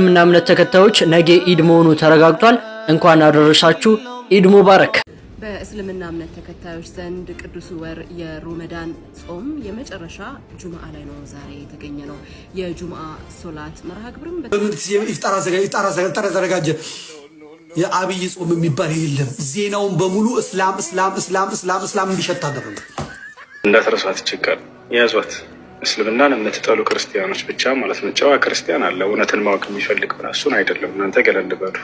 የእስልምና እምነት ተከታዮች ነገ ኢድ መሆኑ ተረጋግቷል። እንኳን አደረሳችሁ። ኢድ ሙባረክ። በእስልምና እምነት ተከታዮች ዘንድ ቅዱስ ወር የሮመዳን ጾም የመጨረሻ ጁምአ ላይ ነው ዛሬ የተገኘ ነው። የጁምአ ሶላት መርሃ ግብርም ኢፍጣር የአብይ ጾም የሚባል የለም። ዜናውን በሙሉ እስላም እስላም እስላም እስላም እስላም እንዲሸት አደረገ። እንዳትረሷት ይችጋል ያዟት እስልምናን የምትጠሉ ክርስቲያኖች ብቻ ማለት ነው። ጨዋ ክርስቲያን አለ እውነትን ማወቅ የሚፈልግ ብና እሱን አይደለም እናንተ ገለል በሉ።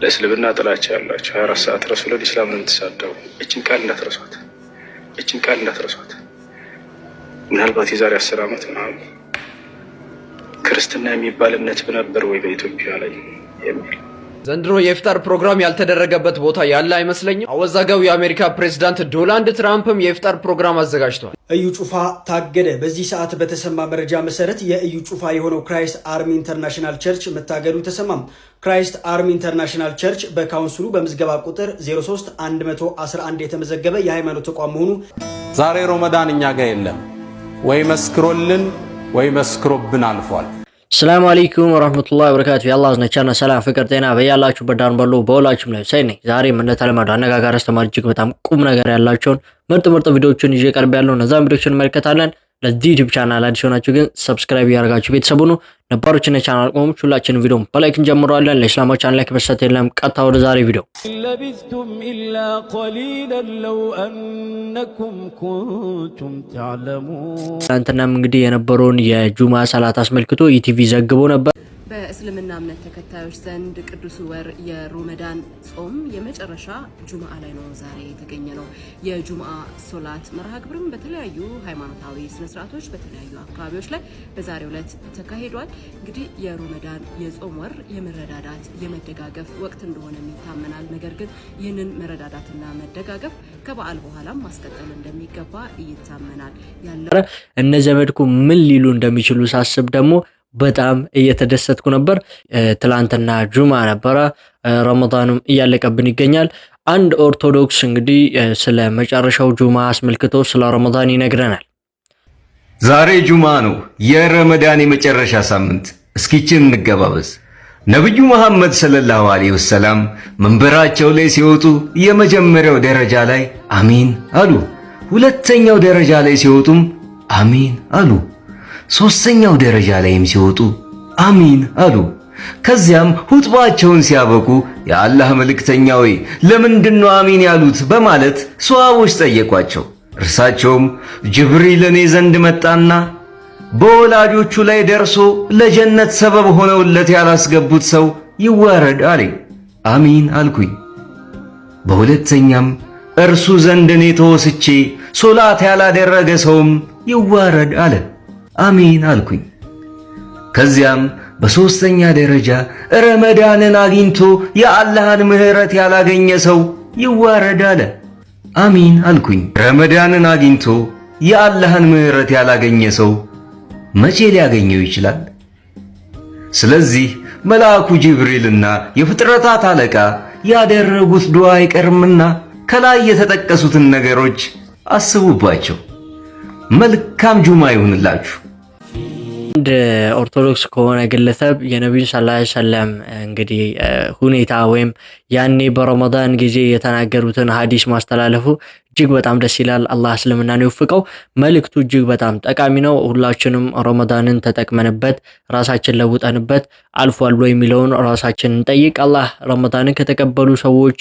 ለእስልምና ጥላቻ ያላቸው ሀያ አራት ሰዓት ረሱ ለን ኢስላም የምትሳደቡ እችን ቃል እንዳትረሷት፣ እችን ቃል እንዳትረሷት። ምናልባት የዛሬ አስር ዓመት ምናምን ክርስትና የሚባል እምነት ብነበር ወይ በኢትዮጵያ ላይ የሚል ዘንድሮ የኢፍጣር ፕሮግራም ያልተደረገበት ቦታ ያለ አይመስለኝም። አወዛጋዊ የአሜሪካ ፕሬዚዳንት ዶናልድ ትራምፕም የኢፍጣር ፕሮግራም አዘጋጅቷል። እዩ ጩፋ ታገደ። በዚህ ሰዓት በተሰማ መረጃ መሰረት የእዩ ጩፋ የሆነው ክራይስት አርሚ ኢንተርናሽናል ቸርች መታገዱ ተሰማም። ክራይስት አርሚ ኢንተርናሽናል ቸርች በካውንስሉ በምዝገባ ቁጥር 03111 የተመዘገበ የሃይማኖት ተቋም መሆኑ ዛሬ ሮመዳን እኛ ጋር የለም ወይ መስክሮልን ወይ መስክሮብን አልፏል። ሰላሙ አለይኩም ወራህመቱላሂ ወበረካቱ። የአላህ ዝነቻና ሰላም ፍቅር ጤና በያላችሁበት ዳር በሉ በሁላችሁም ላይ ሳይ ነኝ። ዛሬም እንደተለመደው አነጋጋሪ አስተማሪ እጅግ በጣም ቁም ነገር ያላቸውን ምርጥ ምርጥ ቪዲዮዎችን ይዤ ቀርብ ያለውን እዛም ቪዲዮዎችን እንመለከታለን። ለዚህ ዩቲዩብ ቻናል አዲስ ሆናችሁ ግን ሰብስክራይብ ያደርጋችሁ ቤተሰቡ ነው። ነባሮችና ቻናል ቆሞች ሁላችንም ቪዲዮ በላይክ እንጀምረዋለን። ለእስላማዊ ቻናል ላይክ መስጠት የለም። ቀጥታ ወደ ዛሬ ቪዲዮ። ለቢስቱም ኢላ ቀሊለን ለው አነኩም ኩንቱም ተዕለሙን። ትናንትናም እንግዲህ የነበረውን የጁማ ሰላት አስመልክቶ ኢቲቪ ዘግቦ ነበር። በእስልምና እምነት ተከታዮች ዘንድ ቅዱስ ወር የሮመዳን ጾም የመጨረሻ ጁምአ ላይ ነው ዛሬ የተገኘ ነው። የጁምአ ሶላት መርሃ ግብርም በተለያዩ ሃይማኖታዊ ስነስርዓቶች በተለያዩ አካባቢዎች ላይ በዛሬው ዕለት ተካሂዷል። እንግዲህ የሮመዳን የጾም ወር የመረዳዳት የመደጋገፍ ወቅት እንደሆነ ይታመናል። ነገር ግን ይህንን መረዳዳትና መደጋገፍ ከበዓል በኋላም ማስቀጠል እንደሚገባ ይታመናል። ያለ እነ ዘመድኩ ምን ሊሉ እንደሚችሉ ሳስብ ደግሞ በጣም እየተደሰትኩ ነበር። ትላንትና ጁማ ነበረ፣ ረመዳኑም እያለቀብን ይገኛል። አንድ ኦርቶዶክስ እንግዲህ ስለ መጨረሻው ጁማ አስመልክቶ ስለ ረመዳን ይነግረናል። ዛሬ ጁማ ነው፣ የረመዳን የመጨረሻ ሳምንት። እስኪችን እንገባበዝ። ነቢዩ መሐመድ ሰለላሁ ዐለይሂ ወሰላም መንበራቸው ላይ ሲወጡ የመጀመሪያው ደረጃ ላይ አሚን አሉ። ሁለተኛው ደረጃ ላይ ሲወጡም አሚን አሉ። ሶስተኛው ደረጃ ላይም ሲወጡ አሚን አሉ። ከዚያም ሁጥባቸውን ሲያበቁ የአላህ መልእክተኛ ሆይ ለምንድን አሚን ያሉት በማለት ሰዋቦች ጠየቋቸው። እርሳቸውም ጅብሪል እኔ ዘንድ መጣና በወላጆቹ ላይ ደርሶ ለጀነት ሰበብ ሆነውለት ያላስገቡት ሰው ይዋረድ አለኝ። አሚን አልኩኝ። በሁለተኛም እርሱ ዘንድ እኔ ተወስቼ ሶላት ያላደረገ ሰውም ይዋረድ አለ። አሚን አልኩኝ። ከዚያም በሦስተኛ ደረጃ ረመዳንን አግኝቶ የአላህን ምሕረት ያላገኘ ሰው ይዋረድ አለ። አሚን አልኩኝ። ረመዳንን አግኝቶ የአላህን ምሕረት ያላገኘ ሰው መቼ ሊያገኘው ይችላል? ስለዚህ መልአኩ ጅብሪልና የፍጥረታት አለቃ ያደረጉት ዱዓ አይቀርምና ከላይ የተጠቀሱትን ነገሮች አስቡባቸው። መልካም ጁማ ይሁንላችሁ። አንድ ኦርቶዶክስ ከሆነ ግለሰብ የነቢዩን ሰለላሁ ሰለም ወሰለም እንግዲህ ሁኔታ ወይም ያኔ በረመዳን ጊዜ የተናገሩትን ሀዲስ ማስተላለፉ እጅግ በጣም ደስ ይላል። አላህ እስልምናን ይወፍቀው። መልእክቱ እጅግ በጣም ጠቃሚ ነው። ሁላችንም ረመዳንን ተጠቅመንበት ራሳችን ለውጠንበት አልፏል የሚለውን ራሳችን እንጠይቅ። አላህ ረመዳንን ከተቀበሉ ሰዎች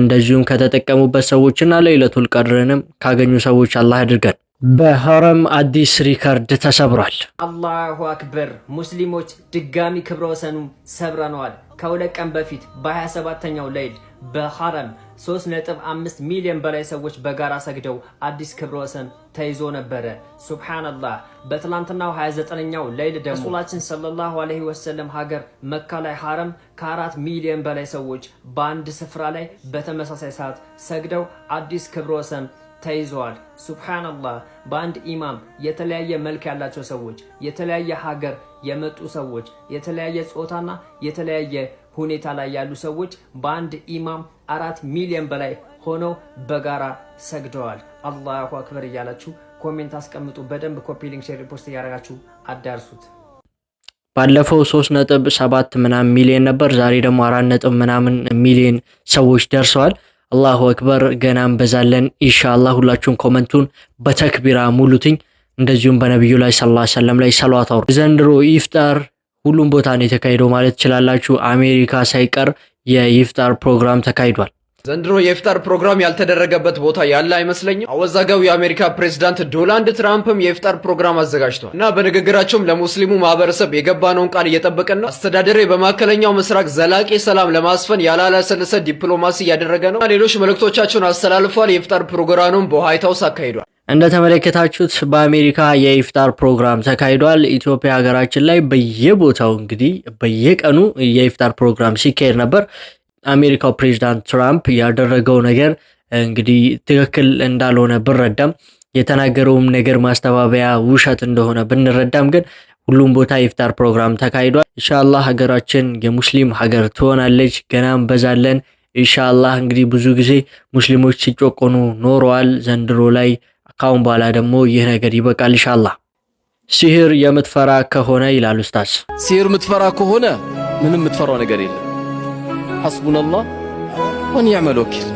እንደዚሁም ከተጠቀሙበት ሰዎችና ለይለቱል ቀድርንም ካገኙ ሰዎች አላህ አድርገን በሐረም አዲስ ሪከርድ ተሰብሯል። አላሁ አክበር! ሙስሊሞች ድጋሚ ክብረ ወሰኑ ሰብረነዋል። ከሁለት ቀን በፊት በ27ተኛው ሌይል በሐረም 3.5 ሚሊዮን በላይ ሰዎች በጋራ ሰግደው አዲስ ክብረ ወሰን ተይዞ ነበረ። ሱብሓነላህ። በትላንትናው 29ኛው ሌይል ደግሞ ረሱላችን ሰለላሁ አለይሂ ወሰለም ሀገር መካ ላይ ሐረም ከአራት ሚሊዮን በላይ ሰዎች በአንድ ስፍራ ላይ በተመሳሳይ ሰዓት ሰግደው አዲስ ክብረ ወሰን ተይዘዋል። ሱብሃነላህ በአንድ ኢማም የተለያየ መልክ ያላቸው ሰዎች፣ የተለያየ ሀገር የመጡ ሰዎች፣ የተለያየ ጾታና የተለያየ ሁኔታ ላይ ያሉ ሰዎች በአንድ ኢማም አራት ሚሊዮን በላይ ሆነው በጋራ ሰግደዋል። አላሁ አክበር እያላችሁ ኮሜንት አስቀምጡ። በደንብ ኮፒ ሊንክ፣ ሼር፣ ሪፖስት እያደረጋችሁ አዳርሱት። ባለፈው ሶስት ነጥብ ሰባት ምናምን ሚሊዮን ነበር። ዛሬ ደግሞ አራት ነጥብ ምናምን ሚሊዮን ሰዎች ደርሰዋል። አላሁ አክበር ገና እንበዛለን። ኢንሻአላህ ሁላችሁን ኮመንቱን በተክቢራ ሙሉትኝ። እንደዚሁም በነቢዩ ላይ ሰለላሁ ዐለይሂ ወሰለም ላይ ሰላዋት አውሩ። ዘንድሮ ኢፍጣር ሁሉም ቦታ ነው የተካሄደው ማለት ትችላላችሁ። አሜሪካ ሳይቀር የኢፍጣር ፕሮግራም ተካሂዷል። ዘንድሮ የኢፍጣር ፕሮግራም ያልተደረገበት ቦታ ያለ አይመስለኝም። አወዛጋዊ የአሜሪካ ፕሬዚዳንት ዶናልድ ትራምፕም የኢፍጣር ፕሮግራም አዘጋጅቷል እና በንግግራቸውም ለሙስሊሙ ማህበረሰብ የገባነውን ቃል እየጠበቅን ነው፣ አስተዳደሬ በመካከለኛው ምስራቅ ዘላቂ ሰላም ለማስፈን ያላላሰለሰ ዲፕሎማሲ እያደረገ ነው እና ሌሎች መልእክቶቻቸውን አስተላልፏል። የኢፍጣር ፕሮግራሙም በዋይት ሀውስ አካሂዷል። እንደተመለከታችሁት በአሜሪካ የኢፍጣር ፕሮግራም ተካሂዷል። ኢትዮጵያ ሀገራችን ላይ በየቦታው እንግዲህ በየቀኑ የኢፍጣር ፕሮግራም ሲካሄድ ነበር። አሜሪካው ፕሬዚዳንት ትራምፕ ያደረገው ነገር እንግዲህ ትክክል እንዳልሆነ ብንረዳም የተናገረውም ነገር ማስተባበያ ውሸት እንደሆነ ብንረዳም ግን ሁሉም ቦታ የፍጣር ፕሮግራም ተካሂዷል። ኢንሻአላህ ሀገራችን የሙስሊም ሀገር ትሆናለች። ገናም በዛለን ኢንሻአላህ። እንግዲህ ብዙ ጊዜ ሙስሊሞች ሲጮቆኑ ኖረዋል። ዘንድሮ ላይ ካሁን በኋላ ደግሞ ይህ ነገር ይበቃል ኢንሻአላህ። ሲህር የምትፈራ ከሆነ ይላል ኡስታዝ፣ ሲህር የምትፈራ ከሆነ ምንም የምትፈራው ነገር የለም። ሐስቡነላህ ወኒዕመል ወኪል።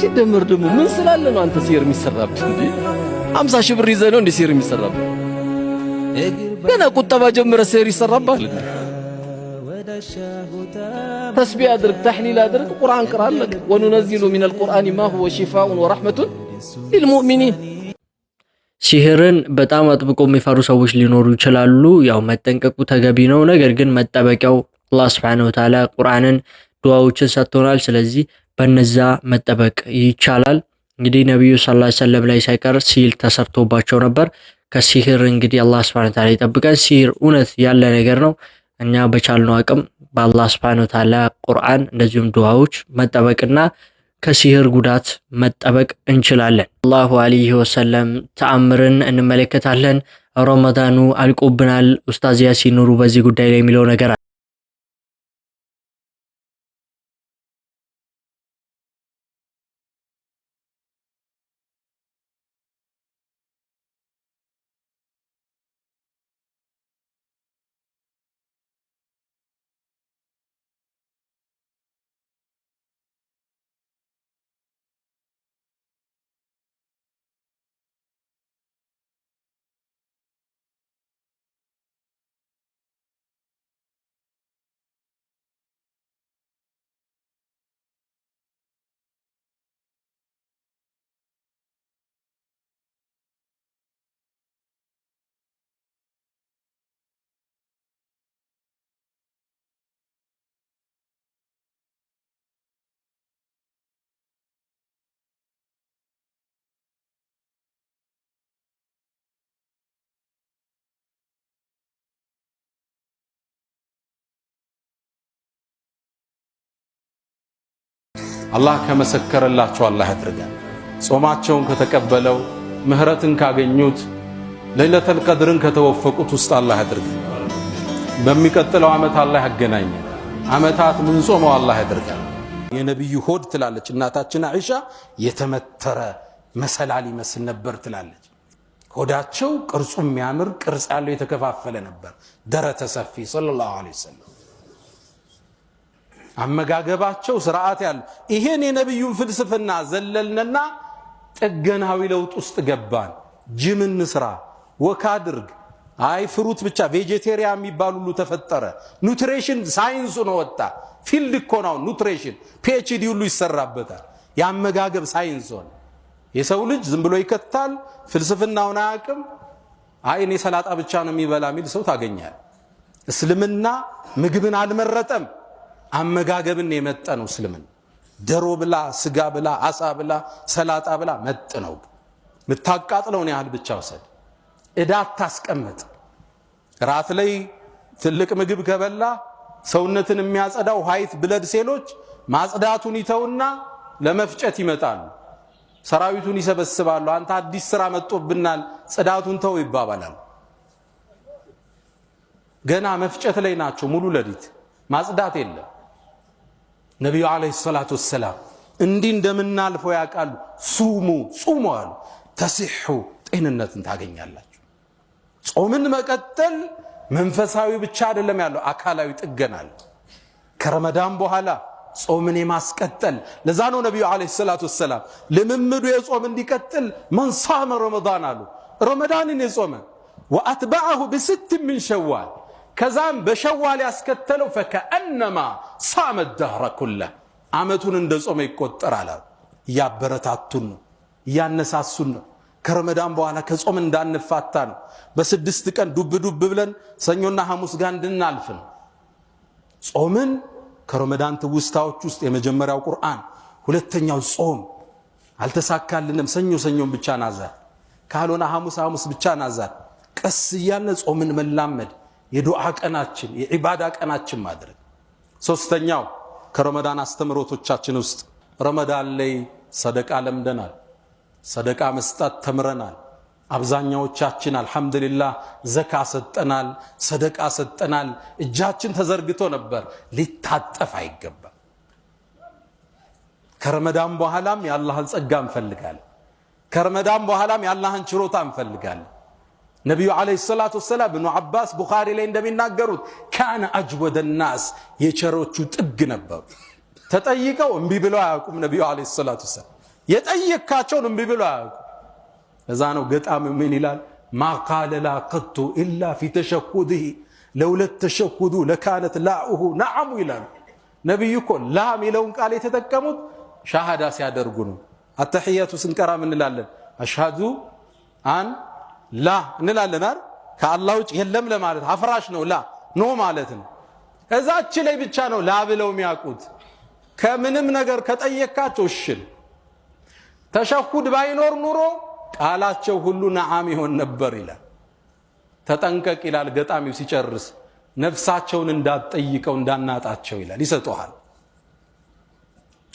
ሲደመር ደግሞ ምን ስላለ ነው አንተ ሲር የሚሰራብህ እንዴ? አምሳ ሺህ ብር ይዘህ ነው እንዴ ሴር የሚሰራብህ? ገና ቁጠባ ጀምረ ሴር ይሰራብሃል። ተስቢህ አድርግ፣ ተህሊል አድርግ፣ ቁርአን ቅራ ወኑነዚሉ ሚነል ቁርአን ማ ሁወ ሺፋኡን ወረሕመቱን ሊልሙእሚኒን። ሲህርን በጣም አጥብቆ የሚፈሩ ሰዎች ሊኖሩ ይችላሉ። ያው መጠንቀቁ ተገቢ ነው። ነገር ግን መጠበቂያው አላህ ስብሐነሁ ወተዓላ ቁርአንን፣ ዱዓዎችን ሰጥቶናል። ስለዚህ በነዛ መጠበቅ ይቻላል። እንግዲህ ነቢዩ ሰለላሁ ዐለይሂ ወሰለም ላይ ሳይቀር ሲል ተሰርቶባቸው ነበር። ከሲህር እንግዲህ አላህ ስብሐነሁ ወተዓላ ይጠብቀን። ሲህር እውነት ያለ ነገር ነው። እኛ በቻልነው አቅም በአላህ ስብሐነሁ ወተዓላ ቁርአን፣ እንደዚሁም ዱዓዎች መጠበቅና ከሲህር ጉዳት መጠበቅ እንችላለን። አላሁ አለይሂ ወሰለም ተአምርን እንመለከታለን። ረመዳኑ አልቆብናል። ኡስታዝ ያሲን ኑሩ በዚህ ጉዳይ ላይ የሚለው ነገር አላህ ከመሰከረላቸው አላህ ያድርገን። ጾማቸውን ከተቀበለው ምህረትን ካገኙት ለይለተል ቀድርን ከተወፈቁት ውስጥ አላህ ያድርገን። በሚቀጥለው ዓመት አላህ ያገናኘን። ዓመታት ምን ጾመው አላህ ያድርገን። የነቢዩ ሆድ ትላለች እናታችን አይሻ የተመተረ መሰላል ይመስል ነበር ትላለች። ሆዳቸው ቅርጹ የሚያምር ቅርጽ ያለው የተከፋፈለ ነበር። ደረተ ሰፊ ሰለላሁ ዐለይሂ ወሰለም አመጋገባቸው ስርዓት ያለ ይሄን የነቢዩን ፍልስፍና ዘለልንና ጥገናዊ ለውጥ ውስጥ ገባን። ጅምን ስራ ወካ አድርግ፣ አይ ፍሩት ብቻ ቬጀቴሪያ የሚባል ሁሉ ተፈጠረ። ኑትሬሽን ሳይንሱ ነው ወጣ። ፊልድ እኮ ነው ኑትሬሽን፣ ፒኤችዲ ሁሉ ይሰራበታል። የአመጋገብ ሳይንስ ሆነ። የሰው ልጅ ዝም ብሎ ይከታል፣ ፍልስፍናውን አያውቅም። አይ እኔ ሰላጣ ብቻ ነው የሚበላ የሚል ሰው ታገኛል። እስልምና ምግብን አልመረጠም። አመጋገብን የመጠ ነው። እስልምና ዶሮ ብላ፣ ስጋ ብላ፣ አሳ ብላ፣ ሰላጣ ብላ መጥ ነው። የምታቃጥለውን ያህል ብቻ ውሰድ። እዳ አታስቀምጥ። ራት ላይ ትልቅ ምግብ ከበላ ሰውነትን የሚያጸዳው ኋይት ብለድ ሴሎች ማጽዳቱን ይተውና ለመፍጨት ይመጣሉ። ሰራዊቱን ይሰበስባሉ። አንተ አዲስ ስራ መጦብናል፣ ጽዳቱን ተው ይባባላል። ገና መፍጨት ላይ ናቸው። ሙሉ ለዲት ማጽዳት የለም። ነቢዩ ዓለይሂ ሰላቱ ወሰላም እንዲህ እንደምናልፈው ያውቃሉ። ሱሙ ጹሙ አሉ፣ ተሲሑ ጤንነትን ታገኛላችሁ። ጾምን መቀጠል መንፈሳዊ ብቻ አይደለም ያለው አካላዊ ጥገና ከረመዳን በኋላ ጾምን የማስቀጠል ለዛ ነው ነቢዩ ዓለይሂ ሰላቱ ወሰላም ልምምዱ የጾም እንዲቀጥል መንሳመ ረመዳን አሉ። ረመዳንን የጾመ ወአትበዐሁ ብስት ምን ሸዋል ከዛም በሸዋል ያስከተለው ፈከአነማ ሳመ ደህረ ኩለ ዓመቱን እንደ ጾመ ይቆጠራል። እያበረታቱን ነው፣ እያነሳሱን ነው። ከረመዳን በኋላ ከጾም እንዳንፋታ ነው። በስድስት ቀን ዱብ ዱብ ብለን ሰኞና ሐሙስ ጋር እንድናልፍ ነው። ጾምን ከረመዳን ትውስታዎች ውስጥ የመጀመሪያው ቁርአን፣ ሁለተኛው ጾም አልተሳካልንም፣ ሰኞ ሰኞን ብቻ ናዛል፣ ካልሆነ ሐሙስ ሐሙስ ብቻ ናዛል። ቀስ እያለ ጾምን መላመድ የዱዓ ቀናችን የዒባዳ ቀናችን ማድረግ። ሶስተኛው ከረመዳን አስተምሮቶቻችን ውስጥ ረመዳን ላይ ሰደቃ ለምደናል። ሰደቃ መስጠት ተምረናል። አብዛኛዎቻችን አልሐምዱሊላ ዘካ ሰጠናል፣ ሰደቃ ሰጠናል። እጃችን ተዘርግቶ ነበር። ሊታጠፍ አይገባም። ከረመዳን በኋላም የአላህን ጸጋ እንፈልጋለን። ከረመዳን በኋላም የአላህን ችሮታ እንፈልጋለን። ነቢዩ ዓለይሂ ሰላቱ ወሰላም እብኑ ዓባስ ቡኻሪ ላይ እንደሚናገሩት ካነ አጅወደ ናስ የቸሮቹ ጥግ ነበሩ። ተጠይቀው እምቢ ብለው አያውቁም። ነቢዩ ዓለይሂ ሰላቱ ወሰላም የጠየካቸውን እምቢ ብለው አያውቁም። እዛ ነው ገጣሚ ምን ይላል? ማ ቃለ ላ ቀጡ ኢላ ፊ ተሸሁድህ ለውለት ተሸሁዱ ለካነት ላኡሁ ነዓሙ ይላሉ። ነቢዩ እኮ ላ የሚለውን ቃል የተጠቀሙት ሻሃዳ ሲያደርጉ ነው። አተሕያቱ ስንቀራ እንላለን አሽሃዱ አን ላ እንላለን አይደል? ከአላህ ውጭ የለም ለማለት አፍራሽ ነው። ላ ኖ ማለት ነው። እዛች ላይ ብቻ ነው ላ ብለው የሚያውቁት። ከምንም ነገር ከጠየካቸው እሽል ተሸሁድ ባይኖር ኑሮ ቃላቸው ሁሉ ነዓም ይሆን ነበር ይላል። ተጠንቀቅ ይላል ገጣሚው ሲጨርስ፣ ነፍሳቸውን እንዳትጠይቀው እንዳናጣቸው ይላል። ይሰጡሃል።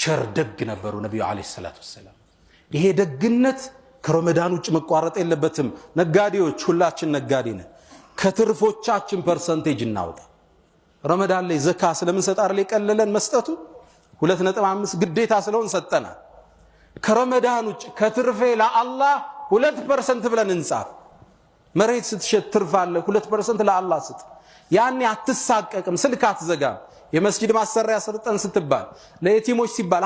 ቸር ደግ ነበሩ ነቢዩ ዓለይሂ ሰላቱ ወሰላም። ይሄ ደግነት ከረመዳን ውጭ መቋረጥ የለበትም። ነጋዴዎች ሁላችን ነጋዴ ነን። ከትርፎቻችን ፐርሰንቴጅ እናውጣ። ረመዳን ላይ ዘካ ስለምንሰጥ አይደል የቀለለን መስጠቱ ሁለት ነጥብ አምስት ግዴታ ስለሆን ሰጠና ከረመዳን ውጭ ከትርፌ ለአላህ ሁለት ፐርሰንት ብለን እንጻፍ። መሬት ስትሸጥ ትርፍ አለ፣ ሁለት ፐርሰንት ለአላህ ስጥ። ያኔ አትሳቀቅም፣ ስልክ አትዘጋም። የመስጂድ ማሰሪያ ስርጠን ስትባል ለየቲሞች ሲባል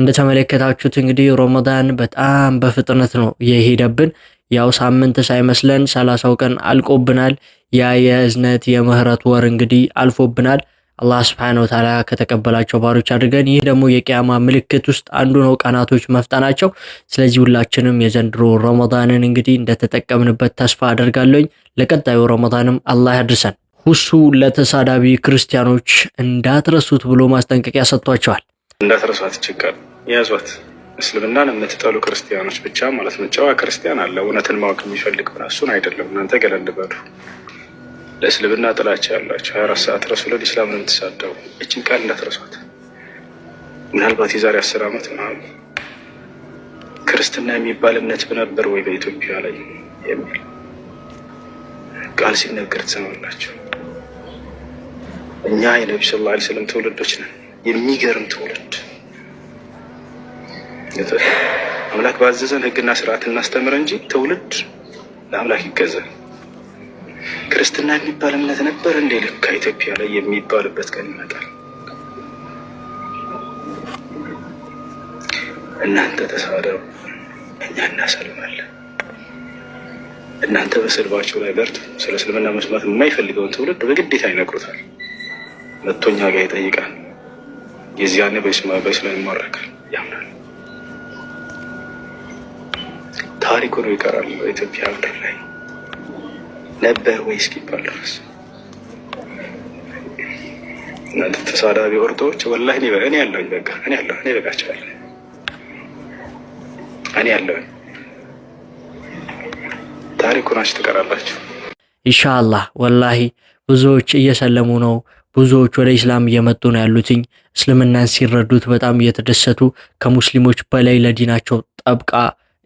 እንደተመለከታችሁት እንግዲህ ሮመዳን በጣም በፍጥነት ነው የሄደብን። ያው ሳምንት ሳይመስለን ሰላሳው ቀን አልቆብናል። ያ የእዝነት የምህረት ወር እንግዲህ አልፎብናል። አላህ ስብሐነሁ ወተዓላ ከተቀበላቸው ባሮች አድርገን። ይህ ደግሞ የቅያማ ምልክት ውስጥ አንዱ ነው፣ ቀናቶች መፍጠናቸው። ስለዚህ ሁላችንም የዘንድሮ ረመዳንን እንግዲህ እንደተጠቀምንበት ተስፋ አደርጋለኝ። ለቀጣዩ ረመዳንም አላህ ያድርሰን። ሁሱ ለተሳዳቢ ክርስቲያኖች እንዳትረሱት ብሎ ማስጠንቀቂያ ሰጥቷቸዋል። እንዳትረሷት ይችጋል የያዟት። እስልምናን የምትጠሉ ክርስቲያኖች ብቻ ማለት ነው። ጨዋ ክርስቲያን አለ፣ እውነትን ማወቅ የሚፈልግ ብና እሱን አይደለም እናንተ ገለል በሉ። ለእስልምና ጥላቻ ያላቸው ሀያ አራት ሰዓት ረሱልን ኢስላምን የምትሳደቡ እችን ቃል እንዳትረሷት። ምናልባት የዛሬ አስር ዓመት ምናምን ክርስትና የሚባል እምነት ብነበር ወይ በኢትዮጵያ ላይ የሚል ቃል ሲነገር ትሰማላቸው። እኛ የነቢ ስ ላ ስለም ትውልዶች ነን። የሚገርም ትውልድ አምላክ ባዘዘን ህግና ስርዓት እናስተምር እንጂ ትውልድ ለአምላክ ይገዛል። ክርስትና የሚባል እምነት ነበር እንደ ልካ ኢትዮጵያ ላይ የሚባልበት ቀን ይመጣል። እናንተ ተሳደቡ፣ እኛ እናሰልማለን። እናንተ በስልባቸው ላይ በርቱ። ስለ እስልምና መስማት የማይፈልገውን ትውልድ በግዴታ ይነግሩታል። መቶኛ ጋር ይጠይቃል። የዚያኔ በይስማዕከል ይማረካል ያምናል። ታሪክ ሆኖ ይቀራል በኢትዮጵያ ምድር ላይ ነበር ወይ እስኪባል ድረስ እናንተ ተሳዳቢ ወርዶች ወላሂ እኔ ያለሁኝ በቃ እኔ ያለሁ እኔ በቃቸዋለሁ እኔ ያለሁኝ ታሪክ ሆናችሁ ትቀራላችሁ። ኢንሻአላህ ወላሂ ብዙዎች እየሰለሙ ነው። ብዙዎች ወደ ኢስላም እየመጡ ነው ያሉትኝ። እስልምናን ሲረዱት በጣም እየተደሰቱ ከሙስሊሞች በላይ ለዲናቸው ጠብቃ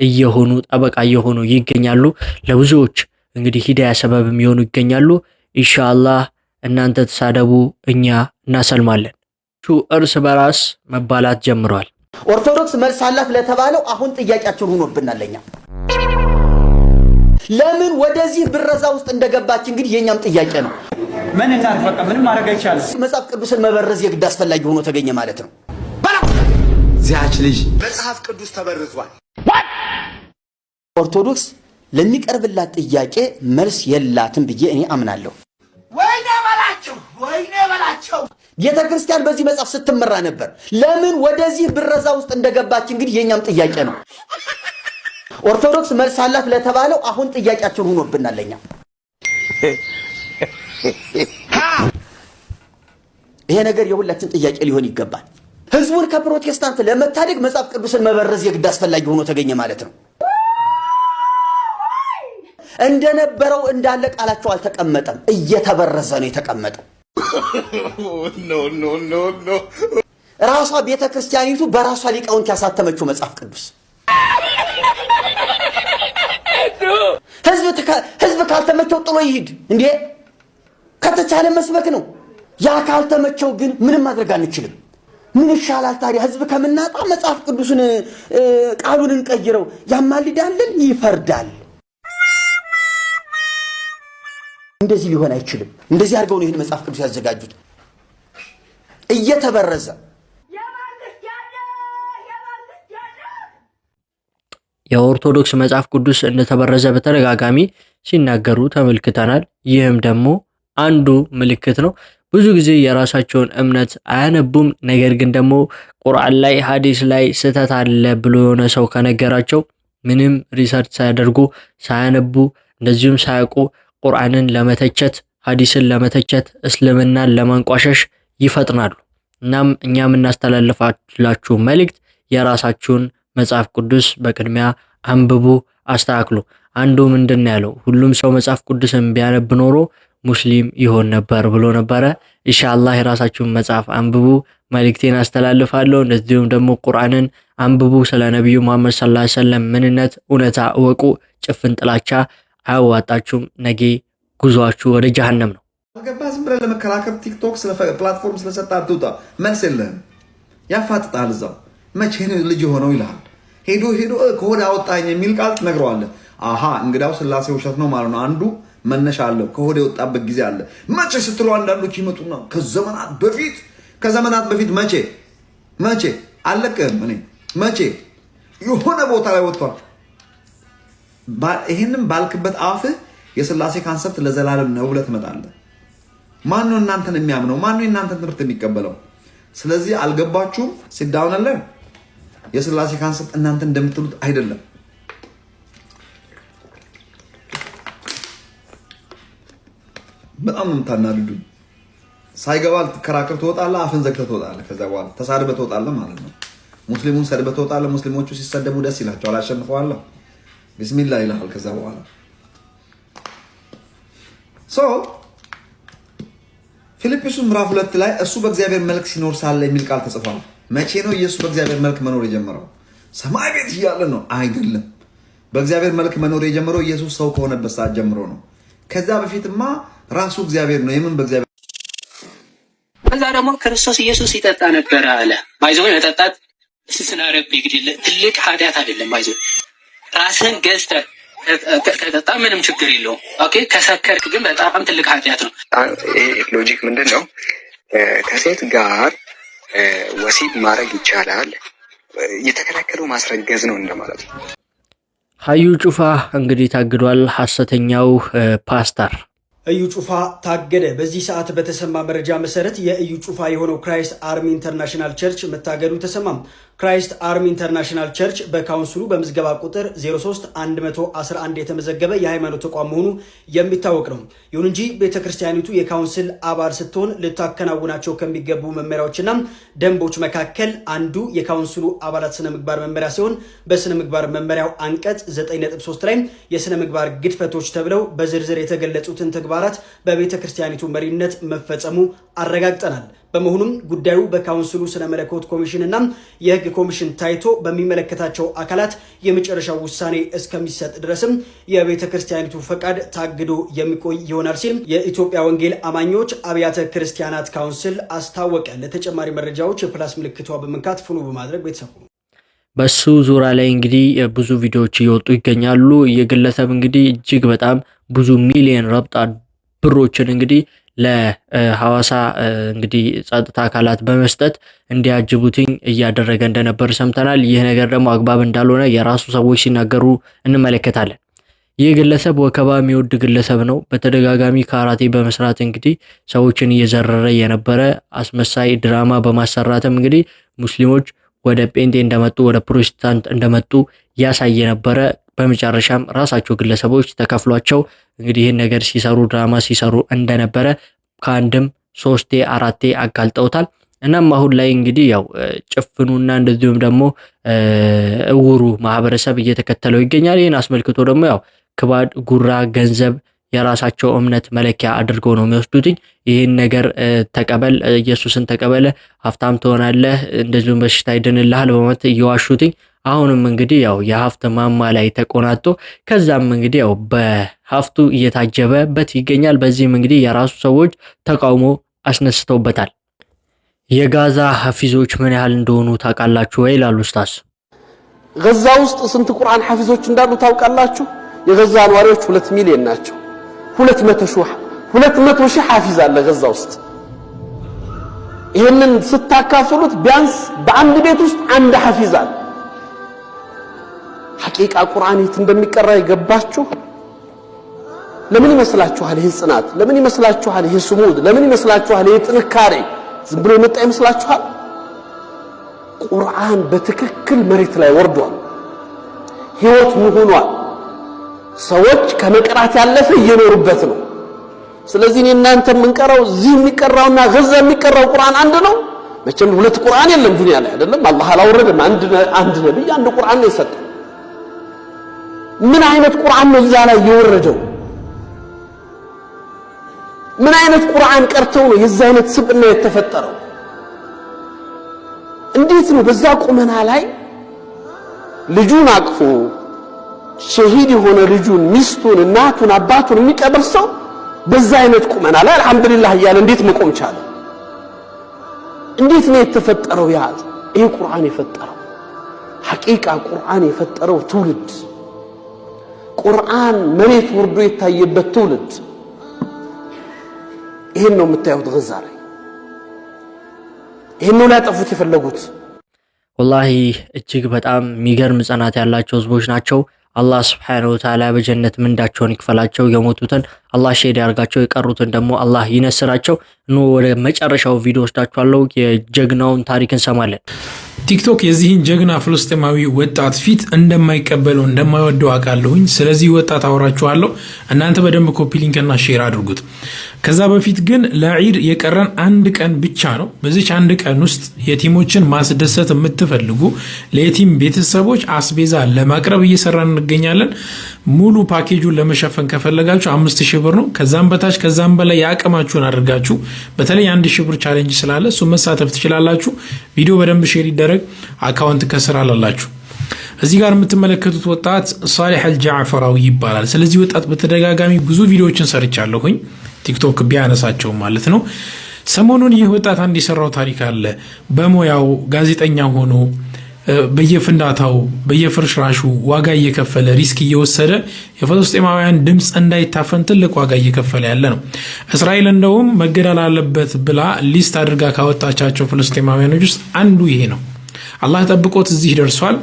እየሆኑ ጠበቃ እየሆኑ ይገኛሉ። ለብዙዎች እንግዲህ ሂዳያ ሰበብ የሚሆኑ ይገኛሉ። ኢንሻአላህ እናንተ ተሳደቡ፣ እኛ እናሰልማለን። እርስ በራስ መባላት ጀምሯል። ኦርቶዶክስ መልስ አላት ለተባለው አሁን ጥያቄያችን ሆኖብናል ለኛ ለምን ወደዚህ ብረዛ ውስጥ እንደገባች እንግዲህ የእኛም ጥያቄ ነው። ምን እናድርግ? በቃ ምንም ማድረግ አይቻልም። መጽሐፍ ቅዱስን መበረዝ የግድ አስፈላጊ ሆኖ ተገኘ ማለት ነው። ዚያች ልጅ መጽሐፍ ቅዱስ ተበርዟል። ኦርቶዶክስ ለሚቀርብላት ጥያቄ መልስ የላትም ብዬ እኔ አምናለሁ። ወይኔ በላቸው፣ ወይኔ በላቸው። ቤተ ክርስቲያን በዚህ መጽሐፍ ስትመራ ነበር። ለምን ወደዚህ ብረዛ ውስጥ እንደገባች እንግዲህ የእኛም ጥያቄ ነው። ኦርቶዶክስ መልስ አላት ለተባለው አሁን ጥያቄያችን ሆኖብናል። ለኛ ይሄ ነገር የሁላችን ጥያቄ ሊሆን ይገባል። ህዝቡን ከፕሮቴስታንት ለመታደግ መጽሐፍ ቅዱስን መበረዝ የግድ አስፈላጊ ሆኖ ተገኘ ማለት ነው። እንደነበረው እንዳለ ቃላቸው አልተቀመጠም፣ እየተበረዘ ነው የተቀመጠው። ራሷ ቤተ ክርስቲያኒቱ በራሷ ሊቃውንት ያሳተመችው መጽሐፍ ቅዱስ ህዝብ ካልተመቸው ጥሎ ይሂድ እንዴ! ከተቻለ መስበክ ነው። ያ ካልተመቸው ግን ምንም ማድረግ አንችልም። ምን ይሻላል ታዲያ? ህዝብ ከምናጣ መጽሐፍ ቅዱስን ቃሉን እንቀይረው። ያማልዳልን፣ ይፈርዳል። እንደዚህ ሊሆን አይችልም። እንደዚህ አድርገው ነው ይህን መጽሐፍ ቅዱስ ያዘጋጁት እየተበረዘ የኦርቶዶክስ መጽሐፍ ቅዱስ እንደተበረዘ በተደጋጋሚ ሲናገሩ ተመልክተናል። ይህም ደግሞ አንዱ ምልክት ነው። ብዙ ጊዜ የራሳቸውን እምነት አያነቡም። ነገር ግን ደግሞ ቁርአን ላይ ሀዲስ ላይ ስህተት አለ ብሎ የሆነ ሰው ከነገራቸው ምንም ሪሰርች ሳያደርጉ ሳያነቡ እንደዚሁም ሳያውቁ ቁርአንን ለመተቸት ሀዲስን ለመተቸት እስልምናን ለማንቋሸሽ ይፈጥናሉ። እናም እኛ የምናስተላልፋላችሁ መልእክት የራሳችሁን መጽሐፍ ቅዱስ በቅድሚያ አንብቡ፣ አስተካክሉ። አንዱ ምንድን ያለው ሁሉም ሰው መጽሐፍ ቅዱስን ቢያነብ ኖሮ ሙስሊም ይሆን ነበር ብሎ ነበረ። ኢንሻአላህ የራሳችሁን መጽሐፍ አንብቡ፣ መልእክቴን አስተላልፋለሁ። እንደዚሁም ደግሞ ቁርአንን አንብቡ። ስለ ነቢዩ መሐመድ ሰለላሁ ዐለይሂ ወሰለም ምንነት እውነታ እወቁ። ጭፍን ጥላቻ አያዋጣችሁም። ነገ ጉዟችሁ ወደ ጀሃነም ነው። አልገባ ዝም ብለህ ለመከራከር ቲክቶክ ፕላትፎርም ስለሰጠህ አትውጣ። መልስ የለህም፣ ያፋጥጣል እዛው መቼ ነው ልጅ የሆነው ይልሃል። ሄዶ ሄዶ ከሆድ አወጣኝ የሚል ቃል ትነግረዋለህ። አሀ እንግዳው ስላሴ ውሸት ነው ማለት ነው። አንዱ መነሻ አለው። ከሆድ የወጣበት ጊዜ አለ። መቼ ስትለ አንዳንዶች ይመጡና ከዘመናት በፊት ከዘመናት በፊት መቼ መቼ አለቅም እኔ መቼ የሆነ ቦታ ላይ ወጥቷል። ይህንም ባልክበት አፍህ የስላሴ ካንሰፕት ለዘላለም ነው ብለህ ትመጣለህ። ማነው እናንተን የሚያምነው? ማነው የእናንተን ትምህርት የሚቀበለው? ስለዚህ አልገባችሁም ሲዳውነለን የስላሴ ካንሰፕት እናንተ እንደምትሉት አይደለም። በጣም ነው የምታናድዱ። ሳይገባ ልትከራከር ትወጣለህ፣ አፍን ዘግተህ ትወጣለህ። ከዛ በኋላ ተሳድበህ ትወጣለህ ማለት ነው። ሙስሊሙን ሰድበህ ትወጣለህ። ሙስሊሞቹ ሲሰደቡ ደስ ይላቸዋል፣ አሸንፈዋለሁ ቢስሚላ ይልሃል። ከዛ በኋላ ፊልጵስዩስ ምዕራፍ ሁለት ላይ እሱ በእግዚአብሔር መልክ ሲኖር ሳለ የሚል ቃል ተጽፏል። መቼ ነው ኢየሱስ በእግዚአብሔር መልክ መኖር የጀመረው? ሰማይ ቤት እያለ ነው? አይደለም። በእግዚአብሔር መልክ መኖር የጀመረው ኢየሱስ ሰው ከሆነበት ሰዓት ጀምሮ ነው። ከዛ በፊትማ ራሱ እግዚአብሔር ነው። የምን በእግዚአብሔር ከዛ ደግሞ ክርስቶስ ኢየሱስ ይጠጣ ነበረ አለ። ባይዞ መጠጣት ስናረብ ግድለ ትልቅ ኃጢአት አይደለም። ባይዞ ራስን ገዝተ ከጠጣ ምንም ችግር የለውም። ኦኬ ከሰከርክ ግን በጣም ትልቅ ኃጢአት ነው። ሎጂክ ምንድን ነው? ከሴት ጋር ወሲብ ማድረግ ይቻላል። የተከለከለው ማስረገዝ ነው እንደማለት ነው። ሀዩ ጩፋ እንግዲህ ታግዷል። ሐሰተኛው ፓስተር እዩ ጩፋ ታገደ። በዚህ ሰዓት በተሰማ መረጃ መሰረት የእዩ ጩፋ የሆነው ክራይስት አርሚ ኢንተርናሽናል ቸርች መታገዱ ተሰማም። ክራይስት አርም ኢንተርናሽናል ቸርች በካውንስሉ በምዝገባ ቁጥር 03111 የተመዘገበ የሃይማኖት ተቋም መሆኑ የሚታወቅ ነው። ይሁን እንጂ ቤተ ክርስቲያኒቱ የካውንስል አባል ስትሆን ልታከናውናቸው ከሚገቡ መመሪያዎችና ደንቦች መካከል አንዱ የካውንስሉ አባላት ስነ ምግባር መመሪያ ሲሆን በስነ ምግባር መመሪያው አንቀጽ 9.3 ላይ የስነ ምግባር ግድፈቶች ተብለው በዝርዝር የተገለጹትን ተግባራት በቤተ ክርስቲያኒቱ መሪነት መፈጸሙ አረጋግጠናል። በመሆኑም ጉዳዩ በካውንስሉ ስነ መለኮት ኮሚሽን እና የህግ ኮሚሽን ታይቶ በሚመለከታቸው አካላት የመጨረሻው ውሳኔ እስከሚሰጥ ድረስም የቤተ ክርስቲያኒቱ ፈቃድ ታግዶ የሚቆይ ይሆናል ሲል የኢትዮጵያ ወንጌል አማኞች አብያተ ክርስቲያናት ካውንስል አስታወቀ። ለተጨማሪ መረጃዎች የፕላስ ምልክቷ በመንካት ፍኑ በማድረግ ቤተሰቡ በሱ ዙሪያ ላይ እንግዲህ ብዙ ቪዲዮዎች እየወጡ ይገኛሉ። የግለሰብ እንግዲህ እጅግ በጣም ብዙ ሚሊዮን ረብጣ ብሮችን እንግዲህ ለሐዋሳ እንግዲህ ጸጥታ አካላት በመስጠት እንዲያጅቡትኝ እያደረገ እንደነበር ሰምተናል። ይህ ነገር ደግሞ አግባብ እንዳልሆነ የራሱ ሰዎች ሲናገሩ እንመለከታለን። ይህ ግለሰብ ወከባ የሚወድ ግለሰብ ነው። በተደጋጋሚ ካራቴ በመስራት እንግዲህ ሰዎችን እየዘረረ የነበረ አስመሳይ ድራማ በማሰራትም እንግዲህ ሙስሊሞች ወደ ጴንጤ እንደመጡ ወደ ፕሮቴስታንት እንደመጡ ያሳየ ነበረ በመጨረሻም ራሳቸው ግለሰቦች ተከፍሏቸው እንግዲህ ይህን ነገር ሲሰሩ ድራማ ሲሰሩ እንደነበረ ከአንድም ሶስቴ አራቴ አጋልጠውታል። እናም አሁን ላይ እንግዲህ ያው ጭፍኑና እንደዚሁም ደግሞ እውሩ ማህበረሰብ እየተከተለው ይገኛል። ይህን አስመልክቶ ደግሞ ያው ክባድ፣ ጉራ፣ ገንዘብ የራሳቸው እምነት መለኪያ አድርገው ነው የሚወስዱትኝ። ይህን ነገር ተቀበል፣ ኢየሱስን ተቀበለ፣ ሀብታም ትሆናለህ፣ እንደዚሁም በሽታ ይድንልሃል በማለት እየዋሹትኝ አሁንም እንግዲህ ያው የሀፍት ማማ ላይ ተቆናጦ ከዛም እንግዲህ ያው በሀፍቱ እየታጀበበት ይገኛል። በዚህም እንግዲህ የራሱ ሰዎች ተቃውሞ አስነስተውበታል። የጋዛ ሐፊዞች ምን ያህል እንደሆኑ ታውቃላችሁ ወይ ይላሉ ኡስታዝ። ገዛ ውስጥ ስንት ቁርአን ሐፊዞች እንዳሉ ታውቃላችሁ? የገዛ ነዋሪዎች ሁለት ሚሊዮን ናቸው። ሁለት መቶ ሺህ ሁለት መቶ ሺህ ሐፊዝ አለ ገዛ ውስጥ። ይህንን ስታካፍሉት ቢያንስ በአንድ ቤት ውስጥ አንድ ሐፊዝ አለ። ሐቂቃ ቁርአን የት እንደሚቀራ የገባችሁ ለምን ይመስላችኋል? ይህ ጽናት ለምን ይመስላችኋል? ይህ ስሙድ ለምን ይመስላችኋል? ይህ ጥንካሬ ዝም ብሎ የመጣ ይመስላችኋል? ቁርአን በትክክል መሬት ላይ ወርዷል፣ ህይወት መሆኗል። ሰዎች ከመቅራት ያለፈ እየኖሩበት ነው። ስለዚህ እናንተ የምንቀራው እዚህ የሚቀራውና ገዛ የሚቀራው ቁርአን አንድ ነው። መቼም ሁለት ቁርአን የለም ዱንያ ላይ አይደለም። አላህ አላወረደም። አንድ ነብይ አንድ ቁርአን ነው የሰጠው። ምን አይነት ቁርአን ነው እዛ ላይ የወረደው? ምን አይነት ቁርአን ቀርተው ነው የዛ አይነት ስብዕና የተፈጠረው? እንዴት ነው በዛ ቁመና ላይ ልጁን አቅፎ ሸሂድ የሆነ ልጁን፣ ሚስቱን፣ እናቱን፣ አባቱን የሚቀብር ሰው በዛ አይነት ቁመና ላይ አልሐምዱሊላህ እያለ እንዴት መቆም ቻለ? እንዴት ነው የተፈጠረው? ያ ይህ ቁርአን የፈጠረው ሐቂቃ ቁርአን የፈጠረው ትውልድ ቁርአን መሬት ወርዶ የታየበት ትውልድ ይህን ነው የምታዩት። ገዛ ላይ ይህን ነው ሊያጠፉት የፈለጉት። ወላሂ እጅግ በጣም የሚገርም ጽናት ያላቸው ህዝቦች ናቸው። አላህ ስብሓነሁ ወተዓላ በጀነት ምንዳቸውን ይክፈላቸው። የሞቱትን አላህ ሼድ ያርጋቸው፣ የቀሩትን ደግሞ አላህ ይነስራቸው። ኑ ወደ መጨረሻው ቪዲዮ ወስዳችኋለሁ። የጀግናውን ታሪክ እንሰማለን። ቲክቶክ የዚህን ጀግና ፍልስጤማዊ ወጣት ፊት እንደማይቀበለው እንደማይወደው አውቃለሁኝ። ስለዚህ ወጣት አውራችኋለሁ። እናንተ በደንብ ኮፒ ሊንክና ሼር አድርጉት። ከዛ በፊት ግን ለዒድ የቀረን አንድ ቀን ብቻ ነው። በዚች አንድ ቀን ውስጥ የቲሞችን ማስደሰት የምትፈልጉ ለየቲም ቤተሰቦች አስቤዛ ለማቅረብ እየሰራን እንገኛለን። ሙሉ ፓኬጁን ለመሸፈን ከፈለጋችሁ አምስት ሺህ ብር ነው። ከዛም በታች ከዛም በላይ የአቅማችሁን አድርጋችሁ በተለይ አንድ ሺህ ብር ቻሌንጅ ስላለ እሱ መሳተፍ ትችላላችሁ። ቪዲዮ በደንብ ሼር ይደረግ። አካውንት ከስር አላላችሁ። እዚህ ጋር የምትመለከቱት ወጣት ሳሌሕ አልጃዕፈራዊ ይባላል። ስለዚህ ወጣት በተደጋጋሚ ብዙ ቪዲዮዎችን ሰርቻለሁኝ ቲክቶክ ቢያነሳቸው ማለት ነው። ሰሞኑን ይህ ወጣት አንድ የሰራው ታሪክ አለ። በሙያው ጋዜጠኛ ሆኖ በየፍንዳታው በየፍርሽራሹ ዋጋ እየከፈለ ሪስክ እየወሰደ የፍልስጤማውያን ድምፅ እንዳይታፈን ትልቅ ዋጋ እየከፈለ ያለ ነው። እስራኤል እንደውም መገደል አለበት ብላ ሊስት አድርጋ ካወጣቻቸው ፍልስጤማውያኖች ውስጥ አንዱ ይሄ ነው። አላህ ጠብቆት እዚህ ደርሷል።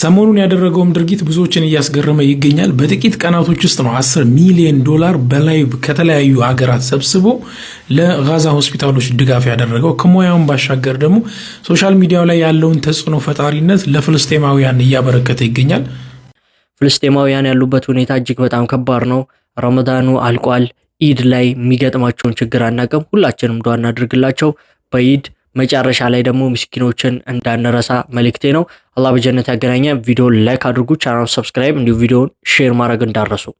ሰሞኑን ያደረገውም ድርጊት ብዙዎችን እያስገረመ ይገኛል። በጥቂት ቀናቶች ውስጥ ነው 10 ሚሊዮን ዶላር በላይ ከተለያዩ ሀገራት ሰብስቦ ለጋዛ ሆስፒታሎች ድጋፍ ያደረገው። ከሙያውን ባሻገር ደግሞ ሶሻል ሚዲያው ላይ ያለውን ተጽዕኖ ፈጣሪነት ለፍልስጤማውያን እያበረከተ ይገኛል። ፍልስጤማውያን ያሉበት ሁኔታ እጅግ በጣም ከባድ ነው። ረመዳኑ አልቋል። ኢድ ላይ የሚገጥማቸውን ችግር አናቀም። ሁላችንም ዱዓ እናድርግላቸው በኢድ መጨረሻ ላይ ደግሞ ምስኪኖችን እንዳንረሳ መልእክቴ ነው። አላህ በጀነት ያገናኘ። ቪዲዮን ላይክ አድርጉ፣ ቻናል ሰብስክራይብ፣ እንዲሁም ቪዲዮን ሼር ማድረግ እንዳረሱ